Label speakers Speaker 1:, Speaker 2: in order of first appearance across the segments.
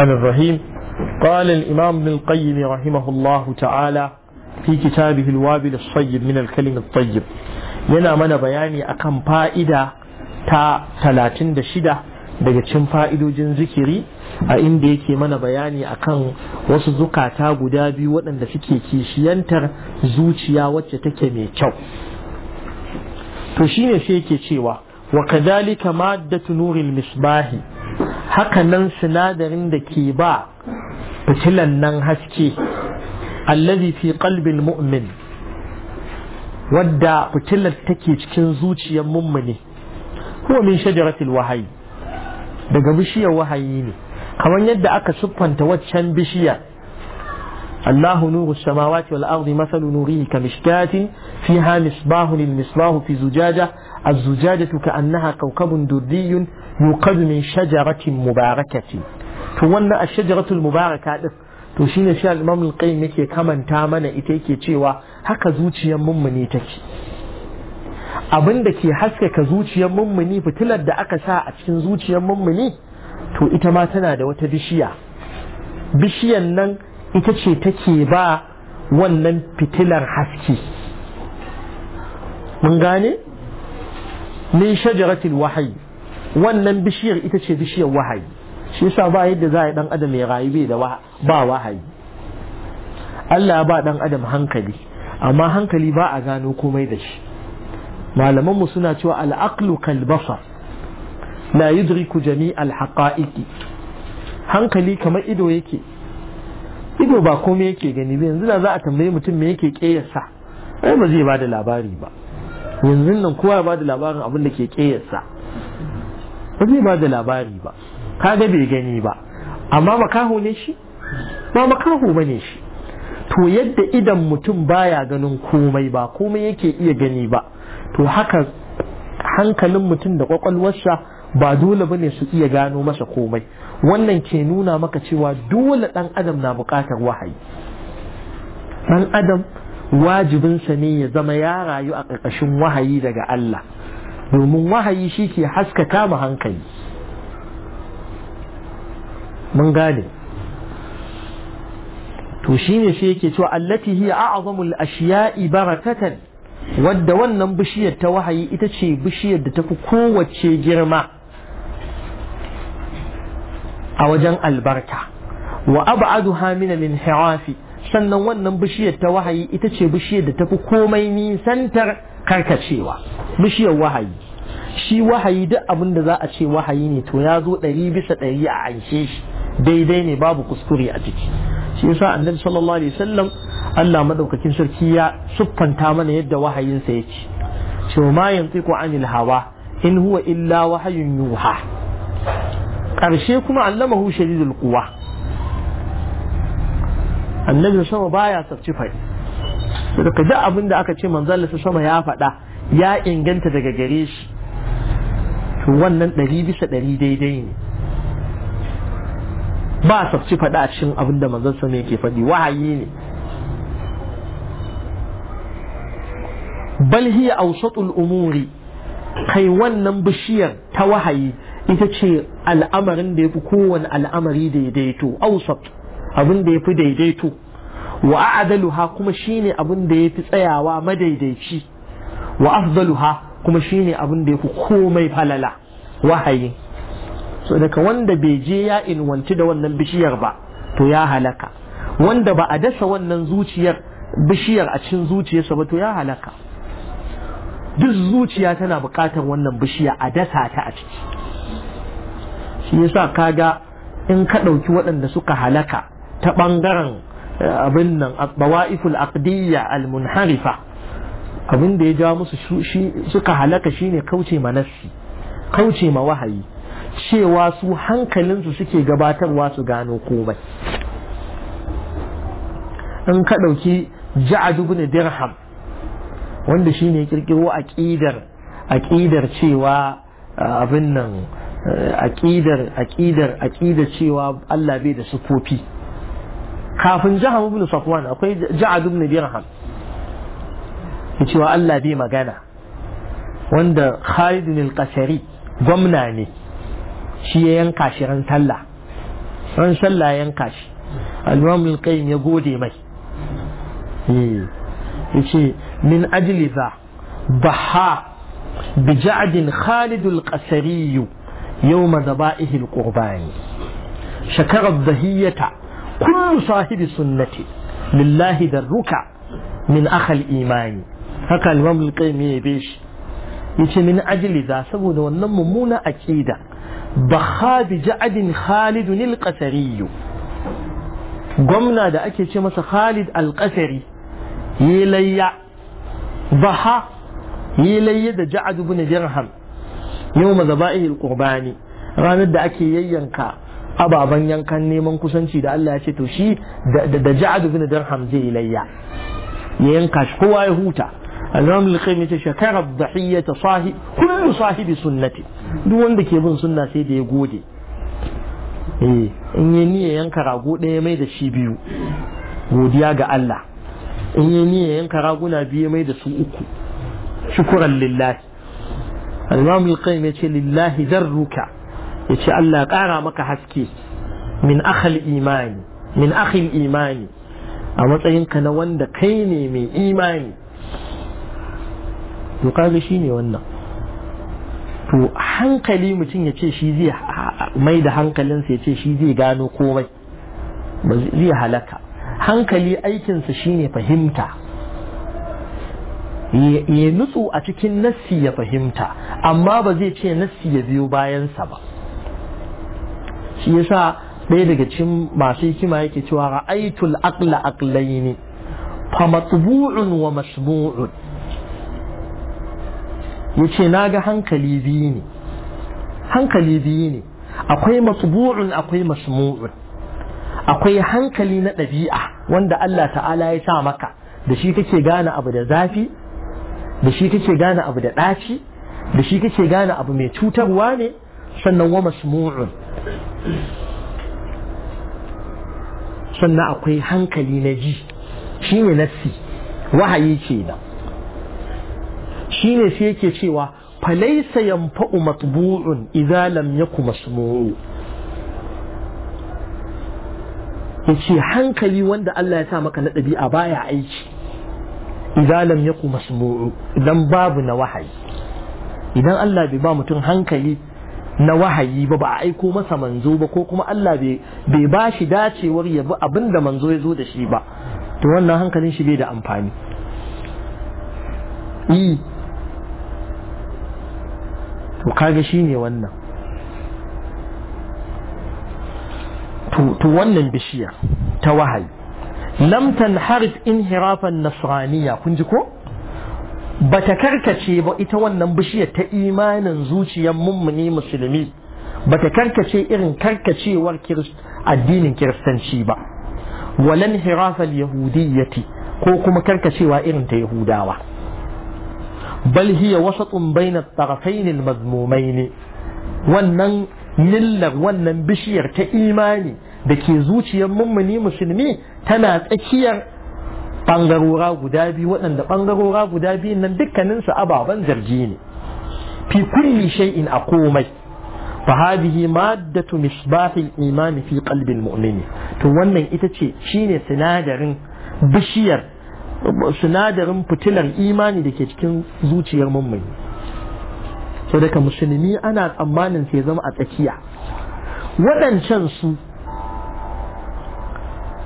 Speaker 1: الرحمن الرحيم قال الإمام ابن القيم رحمه الله تعالى في كتابه الوابل الصيب من الكلم الطيب yana mana bayani akan fa'ida ta talatin da shida daga cikin fa'idojin zikiri a inda yake mana bayani akan wasu zukata guda biyu waɗanda suke kishiyantar zuciya wacce take mai kyau to shine sai yake cewa wa kadhalika maddatu nuril misbahi hakanan sinadarin da ke ba fitilan nan haske allazi fi qalbil mu'min wadda fitilar take cikin zuciyar mu'mini huwa min shajaratil wahyi daga bishiyar wahayi ne kamar yadda aka siffanta waccan bishiyar الله نور السماوات والأرض مثل نوره كمشكاة فيها مصباح المصباح في زجاجة الزجاجة كأنها كوكب دردي yuqad min shajaratin mubarakati to wannan ash-shajaratul mubaraka to shine shi al-imam al-qayyim yake kamanta mana ita yake cewa haka zuciyar mummuni take abin da ke haskaka zuciyar mummuni fitilar da aka sa a cikin zuciyar mummuni to ita ma tana da wata bishiya bishiyan nan ita ce take ba wannan fitilar haske mun gane min shajaratul wahayi wannan bishiyar ita ce bishiyar wahayi shi yasa ba yadda za a yi dan adam ya rayu bai da ba wahayi Allah ba dan adam hankali amma hankali ba a gano komai da shi malaman mu suna cewa al-aqlu kal basar la yudriku jami' haqaiqi hankali kamar ido yake ido ba komai yake gani ba yanzu da za a tambaye mutum me yake kiyarsa ai ba zai ba da labari ba yanzu nan kowa ba da labarin abin da ke kiyarsa ba zai ba da labari ba ka ga bai gani ba amma makaho ne shi ba makaho ba ne shi to yadda idan mutum baya ganin komai ba komai yake iya gani ba to haka hankalin mutum da kwakwalwarsa ba dole bane su iya gano masa komai wannan ke nuna maka cewa dole ɗan adam na buƙatar wahayi Ɗan adam wajibinsa ne ya zama ya rayu a ƙarƙashin wahayi daga Allah domin wahayi shi ke haskaka mu hankali mun gane to shine shi yake cewa allati hiya a'zamul ashiya'i barakatan wadda wannan bishiyar ta wahayi ita ce bishiyar da tafi kowace girma a wajen albarka wa ab'aduha min al-inhirafi sannan wannan bishiyar ta wahayi ita ce bishiyar da tafi komai nisantar karkacewa bishiyar wahayi shi wahayi duk abin da za a ce wahayi ne to ya zo ɗari bisa ɗari a aishe shi daidai ne babu kuskure a ciki shi yasa annabi sallallahu alaihi wasallam Allah madaukakin sarki ya siffanta mana yadda wahayinsa yake cewa ma yantiqu anil hawa in huwa illa wahayun yuha karshe kuma allamahu shadidul quwa annabi sama baya sarci ka ji abin da aka ce manzon Allah sama ya faɗa ya inganta daga gare shi to wannan ɗari bisa ɗari daidai ne ba sabci faɗa a cikin abin da manzon sama yake faɗi wahayi ne bal hiya awsatul umuri kai wannan bishiyar ta wahayi ita ce al'amarin da ya fi kowane al'amari daidaito awsat abin da ya fi daidaito wa a'daluha kuma shine abin da yafi tsayawa madaidaici wa afdaluha kuma shine abin da yafi komai falala wahayi so daga wanda bai je ya inwanci da wannan bishiyar ba to ya halaka wanda ba a dasa wannan zuciyar bishiyar a cikin zuciyarsa ba to ya halaka duk zuciya tana buƙatar wannan bishiya a dasa ta a ciki shi yasa kaga in ka ɗauki waɗanda suka halaka ta ɓangaren abin nan bawa'iful aqdiyya al-munharifa abin da ya ja musu shi suka halaka shine kauce ma nassi kauce ma wahayi cewa su hankalinsu suke gabatarwa su gano komai in ka ɗauki ja'ad ibn dirham wanda shine ya kirkiro aqidar aqidar cewa abin nan aqidar aqidar aqidar cewa Allah bai da sufofi kafin Jihar ibn safwan akwai ja'ad ibn dirham Allah bai magana wanda Khalid al-Qasari gwamna ne shi ya yanka shi ran sallah ran sallah ya yanka shi al-Imam al-Qayyim ya gode mai eh yace min ajli za baha bi ja'd Khalid al-Qasari yawm dhaba'ihi al-qurbani shakara dhahiyata kullu sahibi sunnati lillahi darruka min akhal imani haka al-imam al ya yabe shi yace min ajli za saboda wannan mummuna aqida bakha bi ja'adin khalid al-qasari gwamna da ake ce masa khalid Alkasari. qasari yi layya baha yi layya da ja'ad ibn dirham yawma zabaihil qurbani ranar da ake yayyanka ababen yankan neman kusanci da Allah ya ce to shi da ja'ad bin dirham zai ilayya ya yanka shi kowa ya huta al-imam al-qayyim yace shakara ta sahib kullu sahibi sunnati duk wanda ke bin sunna sai da ya gode eh in ya niyya yanka rago ɗaya mai da shi biyu godiya ga Allah in ya niyya yanka raguna biyu mai da su uku shukran lillahi al-imam al-qayyim yace lillahi darruka ya ce Allah ƙara maka haske min akhal imani min akhil imani a matsayinka na wanda kai ne mai imani to kaga shi ne wannan to hankali mutum ya ce shi zai mai da hankalinsa ya ce shi zai gano komai ba zai halaka hankali aikinsa shine fahimta ya nutsu a cikin nassi ya fahimta amma ba zai ce nassi ya biyo bayansa ba shi yasa ɗaya daga cikin masu hikima yake cewa ra'aytul aqla aqlaini fa matbu'un wa masmu'un yace naga hankali biyu ne hankali biyu ne akwai matbu'un akwai masmu'un akwai hankali na ɗabi'a wanda Allah ta'ala ya sa maka da shi kake gane abu da zafi da shi kake gane abu da ɗaci da shi kake gane abu mai cutarwa ne sannan wa masmu'un sannan akwai hankali na ji shi ne nassi wahayi ke da shi ne sai yake cewa falaisa yanfa'u matbu'un idza lam yaku masmu'u yace hankali wanda Allah ya sa maka na a baya aiki idza lam yaku masmu'u idan babu na wahayi idan Allah bai ba mutum hankali na wahayi ba ba a aiko masa manzo ba ko kuma Allah bai ba shi dacewar ya bi abin da manzo ya zo da shi ba to wannan hankalin shi bai da amfani yi to kaga shi ne wannan to wannan bishiya ta wahayi lamtan Harif inhirafan nasraniya kun ji ko bata karkace ba ita wannan bishiyar ta imanin zuciyar mummuni musulmi bata karkace irin karkacewar addinin kiristanci ba walan hirafal yahudiyyati ko kuma karkacewa irin ta yahudawa bal hiya wasatun bayna mazmumai ne. wannan millar wannan bishiyar ta imani da ke zuciyar mummuni musulmi tana tsakiyar ɓangarora guda biyu waɗanda ɓangarora guda biyun nan dukkaninsu ababen zargi ne fi kulli shay'in a komai fa hadhihi maddatu misbahil imani fi qalbil mu'mini to wannan ita ce shine sinadarin bishiyar sinadarin fitilar imani da ke cikin zuciyar mummuni so daga musulmi ana tsammanin sai zama a tsakiya waɗancan su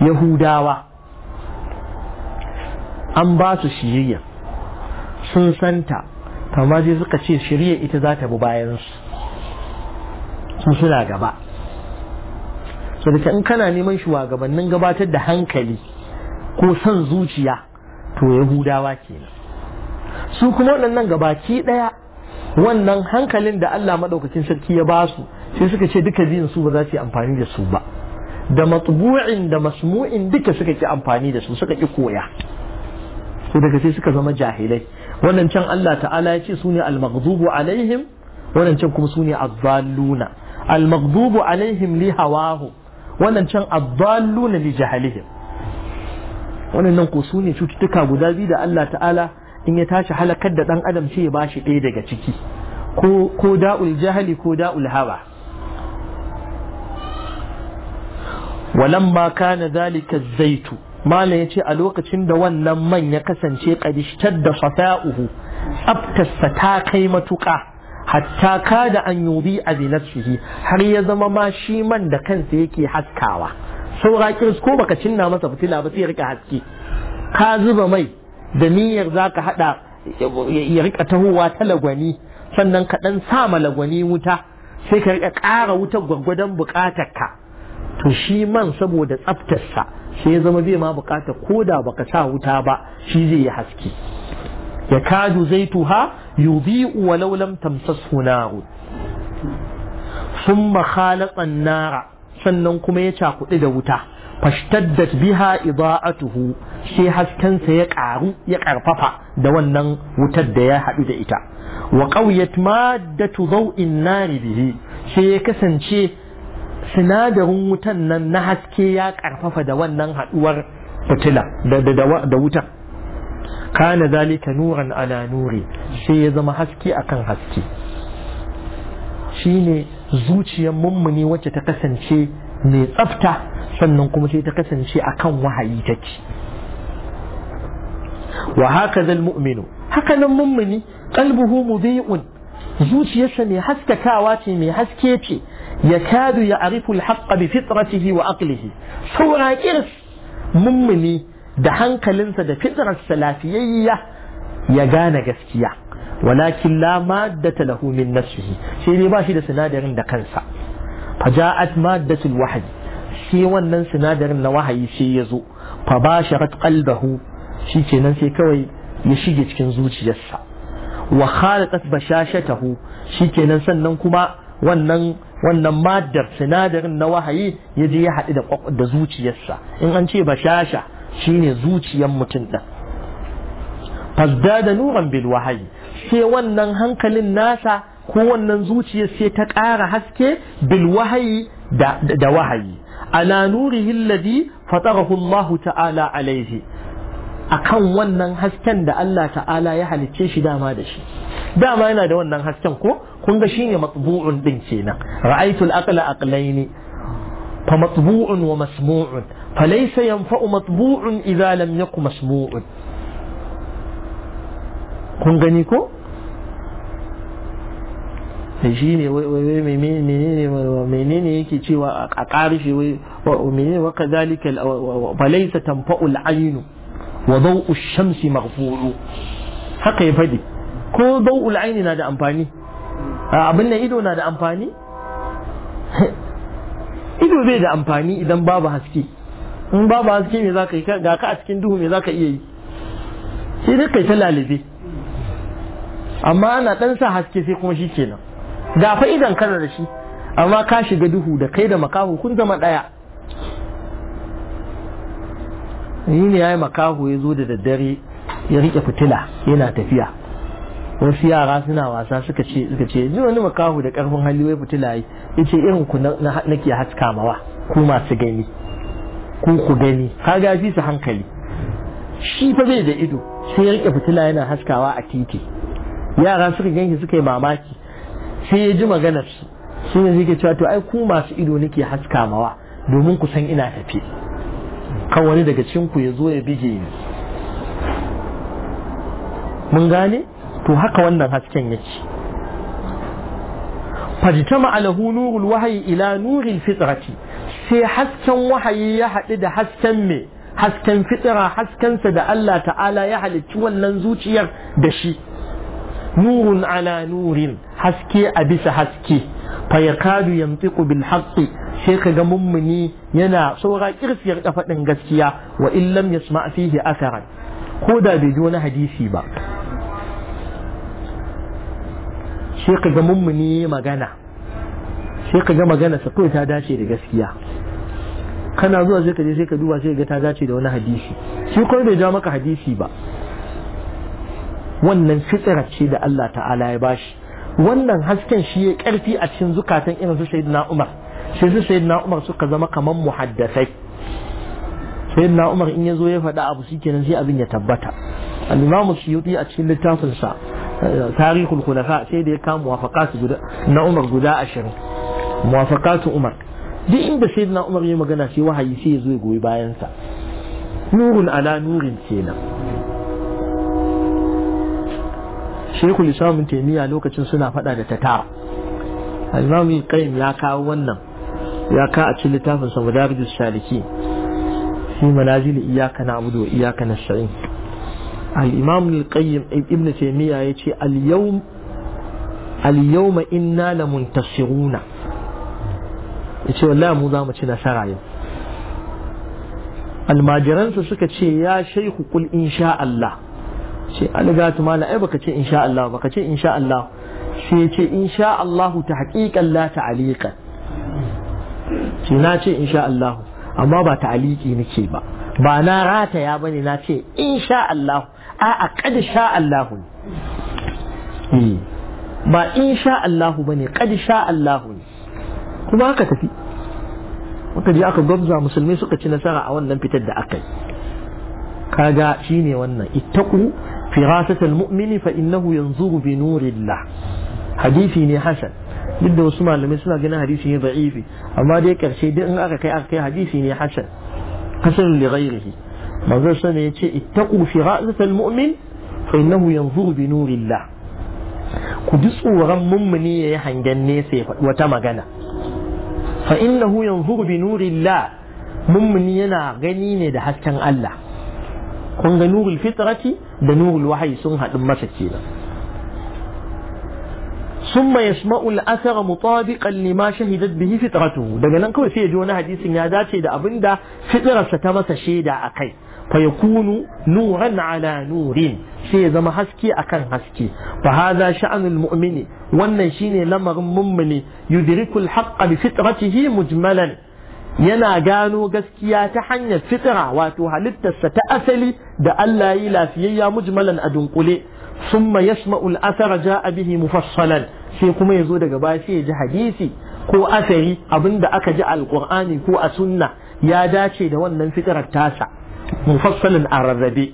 Speaker 1: yahudawa an ba su shiriya sun santa amma sai suka ce shiriya ita za ta bi bayan su sun suna gaba so in kana neman shugabannin gabatar da hankali ko son zuciya to yahudawa kenan su kuma waɗannan gabaki ɗaya wannan hankalin da Allah maɗaukacin sarki ya ba su sai suka ce duka biyun su ba za su yi amfani da su ba da matbu'in da masmu'in duka suka ki amfani da su suka ki koya su daga sai suka zama jahilai wannan can Allah ta'ala ya ce su ne al-maghdubu alaihim wannan can kuma su ne ad al-maghdubu alaihim li hawahu wannan can ad li jahalihim wannan nan ko su ne cututtuka guda biyu da Allah ta'ala in ya tashi halakar da dan adam sai ya bashi ɗaya daga ciki ko ko da'ul jahali ko da'ul hawa ولما كان ذلك الزيت Malam ya ce a lokacin da wannan man ya kasance kadishtar da fasa'uhu tsaftarsa ta kai matuƙa hatta ka an anyobi a zinarsihi har ya zama ma shi man da kansa yake haskawa saura kiris ko baka cinna masa fitila ba sai ya rika haske ka zuba mai da niyyar zaka hada ya rika tahowa ta lagwani sannan ka dan ma lagwani wuta sai ka rika ƙara wutar gwargwadon buƙatarka to shi man saboda tsaftarsa sai ya zama bai ma bukata ko da baka sa wuta ba shi zai yi haske ya zai zaituha yubi walau lam tamsas nar thumma khalaqa an sannan kuma ya cakuɗi da wuta fashtaddat biha shi sai haskensa ya ƙaru ya karfafa da wannan wutar da ya haɗu da ita wa qawiyat maddatu dhaw'in nari bihi sai ya kasance sinadarin wutan nan na haske ya karfafa da wannan haduwar fitila da wutan kana zalika nuran ala nuri sai ya zama haske akan haske shine zuciyar mummuni wacce ta kasance mai tsafta sannan kuma sai ta kasance akan wahayi ta ci. wa haka zal mu'minu haka nan mummuni qalbuhu mudhi'un zuciyarsa mai haskakawa ce mai haske ce يكاد يعرف الحق بفطرته وعقله سورة إرث ممني دهن كلنسة ده فطرة السلافية يغانا جسكيا ولكن لا مادة له من نفسه سيدي باشي ده سنادر ده كنسة فجاءت مادة الوحي سيوان نن سنادر نوحي سيزو فباشرت قلبه شيكي ننسي كوي يشيكي تكنزو تجسا وخالقت بشاشته شيكي ننسن ننكما ونن wannan maddar sinadarin na wahayi ya je ya haɗu da zuciyarsa in an ce shi shine zuciyar mutum ɗin fasda da nuran bil wahayi sai wannan hankalin nasa ko wannan zuciyar sai ta ƙara haske bil wahayi da wahayi ala nurihi alladhi fatarahu Allah ta'ala alaihi akan wannan hasken da Allah ta'ala ya halicce shi dama da shi dama yana da wannan hasken ko kun ga shine matbu'un din kenan ra'aytu al-aqla aqlaini fa matbu'un wa masmu'un fa laysa yanfa'u matbu'un idza lam yakun masmu'un kun gani ko sai shi ne menene yake cewa a ƙarshe menene wa kadhalika fa laysa tanfa'u al-aynu wa daw'u ash-shamsi maghfuru haka ya fadi ko dau'ul aini na da amfani abin nan ido na da amfani ido zai da amfani idan babu haske in babu haske me zaka yi ga ka a cikin duhu me zaka iya yi sai dai kai ta lalibe amma ana dan sa haske sai kuma shikenan ga fa idan kana da shi amma ka shiga duhu da kai da makaho kun zama daya ni ne yayi makaho ya zo da daddare ya rike fitila yana tafiya wasu yara suna wasa suka ce suka ce ji wani makahu da karfin hali wai fitila yi yace irin ku nake haska mawa ku masu gani ku ku gani ka ga fi su hankali shi fa bai da ido sai ya rike fitila yana haskawa a titi yara suka ganki suka yi mamaki sai ya ji maganar su shi ne suke cewa to ai ku masu ido nake haska mawa domin ku san ina tafi kan wani daga cinku ya zo ya bige ni mun gane to haka wannan hasken yake fajtama alahu nurul wahyi ila nuril fitrati sai hasken wahayi ya haɗu da hasken me hasken fitira haskensa da Allah ta'ala ya halicci wannan zuciyar da shi nurun ala nurin haske a bisa haske fa yakadu yantiqu bil haqqi sai ka ga mummuni yana saura kirsiyar kafadin gaskiya wa illam yasma fihi atharan ko da bai ji wani hadisi ba sai ka ga mummuni magana sai ka ga magana sa kawai ta dace da gaskiya kana zuwa sai ka je sai ka duba sai ga ta dace da wani hadisi shi kawai bai ja maka hadisi ba wannan fitira ce da Allah ta'ala ya bashi wannan hasken shi ya karfi a cikin zukatan irin su sayyidina Umar sai su sayyidina Umar suka zama kaman muhaddasai sayyidina Umar in ya zo ya faɗa abu shikenan sai abin ya tabbata al-Imam Suyuti a cikin littafinsa. tarihul khulafa sai da ya kama muwafaqatu guda na Umar guda ashirin muwafaqatu Umar duk inda sayyidina Umar ya magana sai wahayi sai ya zo ya goyi bayan sa nurun ala nurin kenan Sheikhul Islam Taymiyyah lokacin suna fada da tatar Al-Imam Qayyim ya kawo wannan ya ka a cikin littafin sa Madarijus Salikin fi manazil iyyaka na'budu wa iyyaka nasta'in al-imam al-qayyim ibn yace al-yawm al-yawma inna lamuntasiruna yace wallahi mu za ci nasara yau almajiransu suka ce ya shaihu kul insha Allah ce aligatu mala ai baka ce insha Allah baka ce insha Allah ce insha ta haƙiƙan la ta'aliqan ce na ce insha amma ba ta'aliki nake ba ba na rataya bane na ce insha a'a kad sha Allahu ne hmm. ba in sha Allahu bane kad sha Allahu ne kuma haka tafi muka je aka gwabza musulmi suka ci nasara a wannan fitar da aka yi kaga shine wannan ittaqu firasatal mu'mini fa innahu yanzuru bi nurillah hadisi ne hasan duk da wasu malamai suna ganin hadisi ne da'ifi amma dai karshe duk in aka kai aka kai hadisi ne hasan hasan li ghairihi manzon sana yace ittaqu fi fira'atal mu'min fa innahu yanzuru bi nurillah ku ji tsoron mummuni yayi hangen nesa ya faɗi wata magana fa innahu yanzuru bi nurillah mummuni yana gani ne da hasken Allah kun ga nurul fitrati da nurul wahayi sun haɗu masa kenan ثم يسمع الاثر مطابقا لما شهدت به فطرته daga nan kawai sai ya ji wani hadisin ya dace da abinda fitrarsa ta masa shaida akai فيكون نورا على نور sai zama haske akan haske fa hadha mu'mini wannan shine lamarin mummuni yudrikul haqqa bi fitratihi mujmalan yana gano gaskiya ta hanyar fitra wato halittarsa ta asali da Allah yi lafiyayya mujmalan a dunkule summa yasma'ul athara ja'a bihi mufassalan sai kuma yazo daga baya sai ya ji hadisi ko asari abinda aka ji alqur'ani ko a sunna ya dace da wannan fitrar tasa mufassalin a rarrabe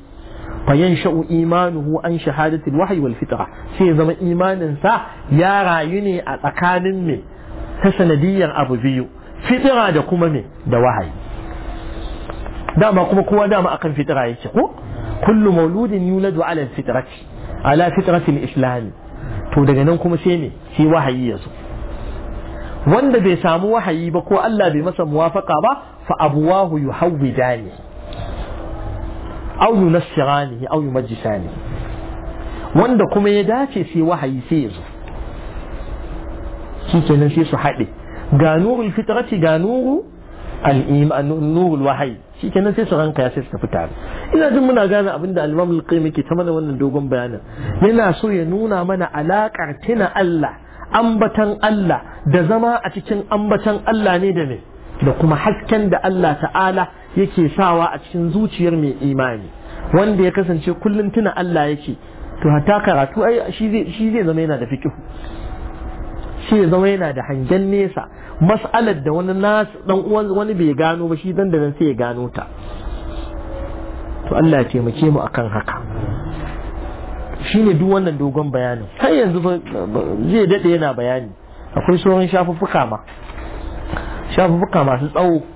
Speaker 1: sha'u imanuhu an shahadatil wahayi wal fitra sai zama imanin sa ya rayu ne a tsakanin me ta sanadiyyar abu biyu fitira da kuma me da wahayi dama kuma kowa dama akan fitira yake ko kullu mauludin yuladu ala fitrati ala fitratil islami to daga nan kuma sai me sai wahayi yanzu. wanda bai samu wahayi ba ko Allah bai masa muwafaka ba fa abuwahu yuhawwidani au yunassirani au yumajjisani wanda kuma ya dace sai wahayi sai ya zo shi kenan sai su haɗe ga nurul fitrati ga nuru al-iman nurul wahayi shi kenan sai su ranka ya sai su tafi tare ina jin muna gane abin da al-imam al-qayyim yake ta mana wannan dogon bayanin yana so ya nuna mana alaƙar tuna Allah ambatan Allah da zama a cikin ambatan Allah ne da ne da kuma hasken da Allah ta'ala yake sawa a cikin zuciyar mai imani wanda ya kasance kullum tuna Allah yake to hatta karatu ai shi zai zama yana da fiqh shi zai zama yana da hangen nesa mas'alar da wani nas dan uwan wani bai gano ba shi dan da nan sai ya gano ta to Allah ya taimake mu akan haka shine duk wannan dogon bayanin har yanzu zai dade yana bayani akwai sauran shafuffuka ma shafuffuka masu tsawo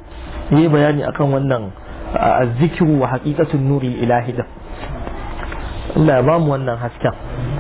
Speaker 1: yi bayani akan wannan a zikiru wa haqiqatun nuri ilahi da Allah ya bamu wannan hasken